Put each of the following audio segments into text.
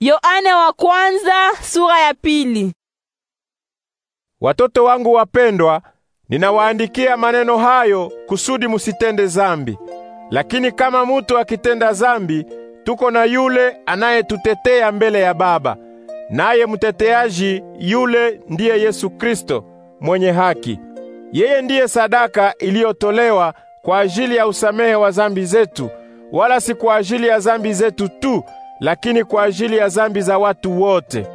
Yohane wa kwanza, sura ya pili. Watoto wangu wapendwa, ninawaandikia maneno hayo kusudi musitende zambi. Lakini kama mutu akitenda zambi, tuko na yule anayetutetea mbele ya Baba. Naye mteteaji yule ndiye Yesu Kristo mwenye haki. Yeye ndiye sadaka iliyotolewa kwa ajili ya usamehe wa zambi zetu, wala si kwa ajili ya zambi zetu tu lakini kwa ajili ya zambi za watu wote.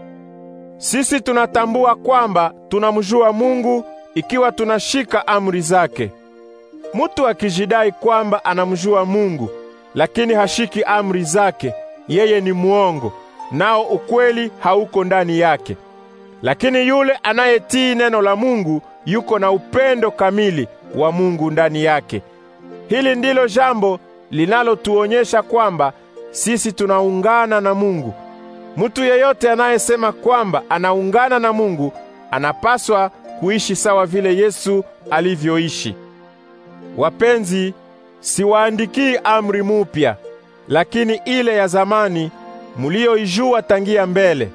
Sisi tunatambua kwamba tunamjua Mungu ikiwa tunashika amri zake. Mutu akijidai kwamba anamjua Mungu lakini hashiki amri zake, yeye ni mwongo, nao ukweli hauko ndani yake. Lakini yule anayetii neno la Mungu yuko na upendo kamili wa Mungu ndani yake. Hili ndilo jambo linalotuonyesha kwamba sisi tunaungana na Mungu. Mtu yeyote anayesema kwamba anaungana na Mungu anapaswa kuishi sawa vile Yesu alivyoishi. Wapenzi, siwaandikii amri mupya, lakini ile ya zamani muliyoijua tangia mbele.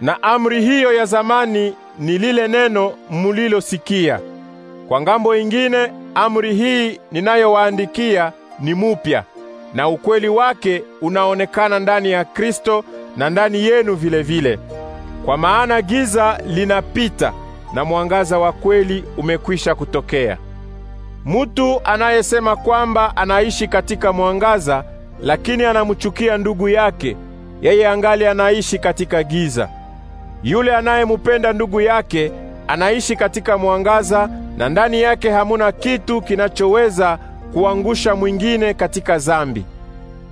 Na amri hiyo ya zamani ni lile neno mulilosikia. Kwa ngambo ingine, amri hii ninayowaandikia ni mupya na ukweli wake unaonekana ndani ya Kristo na ndani yenu vile vile. Kwa maana giza linapita na mwangaza wa kweli umekwisha kutokea. Mutu anayesema kwamba anaishi katika mwangaza lakini anamchukia ndugu yake, yeye angali anaishi katika giza. Yule anayemupenda ndugu yake anaishi katika mwangaza na ndani yake hamuna kitu kinachoweza kuangusha mwingine katika zambi.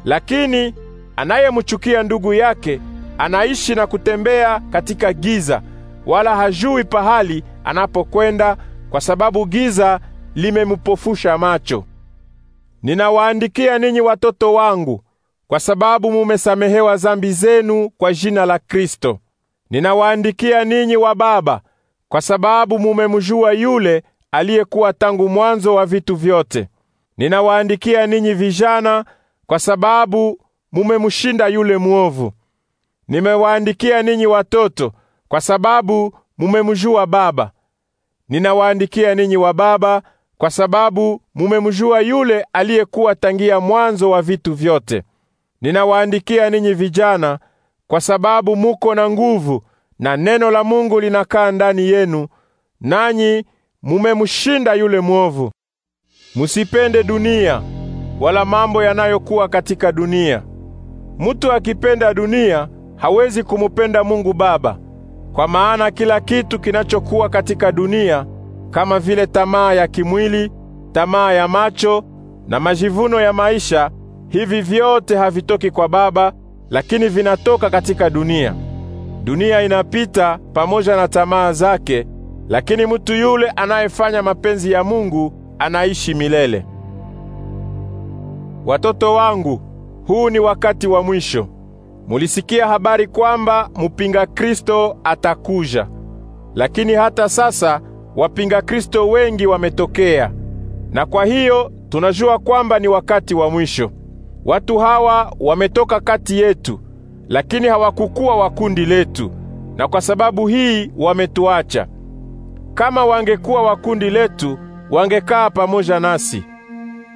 Lakini anayemchukia ndugu yake anaishi na kutembea katika giza, wala hajui pahali anapokwenda, kwa sababu giza limempofusha macho. Ninawaandikia ninyi watoto wangu, kwa sababu mumesamehewa zambi zenu kwa jina la Kristo. Ninawaandikia ninyi wa baba kwa sababu mumemjua yule aliyekuwa tangu mwanzo wa vitu vyote. Ninawaandikia ninyi vijana kwa sababu mumemshinda yule mwovu. Nimewaandikia ninyi watoto kwa sababu mumemjua Baba. Ninawaandikia ninyi wababa kwa sababu mumemjua yule aliyekuwa tangia mwanzo wa vitu vyote. Ninawaandikia ninyi vijana kwa sababu muko na nguvu na neno la Mungu linakaa ndani yenu, nanyi mumemshinda yule mwovu. Musipende dunia wala mambo yanayokuwa katika dunia. Mutu akipenda dunia hawezi kumupenda Mungu Baba, kwa maana kila kitu kinachokuwa katika dunia kama vile tamaa ya kimwili, tamaa ya macho na majivuno ya maisha, hivi vyote havitoki kwa Baba, lakini vinatoka katika dunia. Dunia inapita pamoja na tamaa zake, lakini mtu yule anayefanya mapenzi ya Mungu anaishi milele. Watoto wangu, huu ni wakati wa mwisho. Mulisikia habari kwamba mupinga Kristo atakuja. Lakini hata sasa wapinga Kristo wengi wametokea. Na kwa hiyo tunajua kwamba ni wakati wa mwisho. Watu hawa wametoka kati yetu, lakini hawakukuwa wa kundi letu, na kwa sababu hii wametuacha. Kama wangekuwa wa kundi letu, wangekaa pamoja nasi,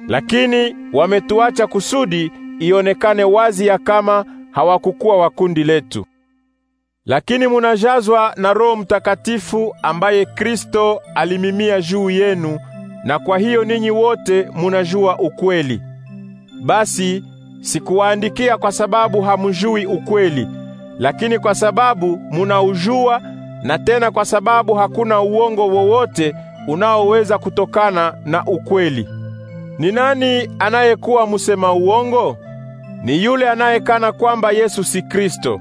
lakini wametuacha kusudi ionekane wazi ya kama hawakukuwa wa kundi letu. Lakini munajazwa na Roho Mtakatifu ambaye Kristo alimimia juu yenu, na kwa hiyo ninyi wote munajua ukweli. Basi sikuwaandikia kwa sababu hamujui ukweli, lakini kwa sababu munaujua, na tena kwa sababu hakuna uongo wowote unaoweza kutokana na ukweli. Ni nani anayekuwa msema uongo? Ni yule anayekana kwamba Yesu si Kristo.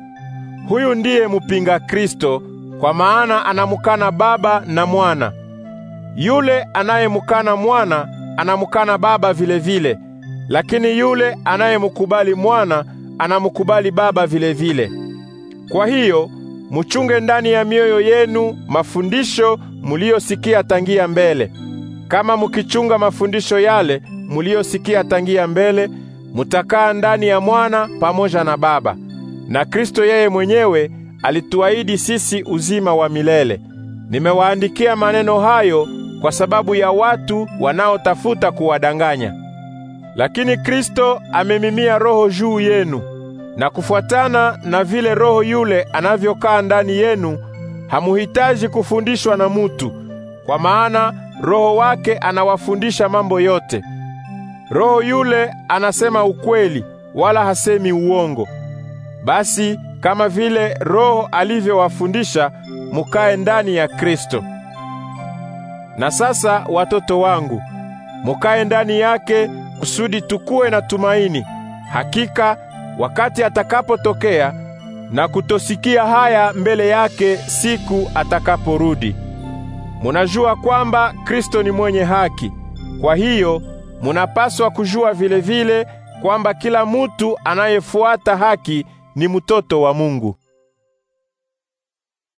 Huyu ndiye mupinga Kristo, kwa maana anamukana Baba na Mwana. Yule anayemukana Mwana anamukana Baba vilevile vile. Lakini yule anayemukubali Mwana anamukubali Baba vilevile vile. Kwa hiyo muchunge ndani ya mioyo yenu mafundisho muliyosikia tangia mbele. Kama mukichunga mafundisho yale muliyosikia tangia mbele, mutakaa ndani ya mwana pamoja na Baba. Na Kristo yeye mwenyewe alituahidi sisi uzima wa milele. Nimewaandikia maneno hayo kwa sababu ya watu wanaotafuta kuwadanganya. Lakini Kristo amemimia roho juu yenu, na kufuatana na vile roho yule anavyokaa ndani yenu hamuhitaji kufundishwa na mutu, kwa maana Roho wake anawafundisha mambo yote. Roho yule anasema ukweli, wala hasemi uongo. Basi kama vile Roho alivyowafundisha, mukae ndani ya Kristo. Na sasa watoto wangu, mukae ndani yake kusudi tukue na tumaini. Hakika wakati atakapotokea na kutosikia haya mbele yake siku atakaporudi. Munajua kwamba Kristo ni mwenye haki. Kwa hiyo munapaswa kujua vilevile vile kwamba kila mutu anayefuata haki ni mtoto wa Mungu.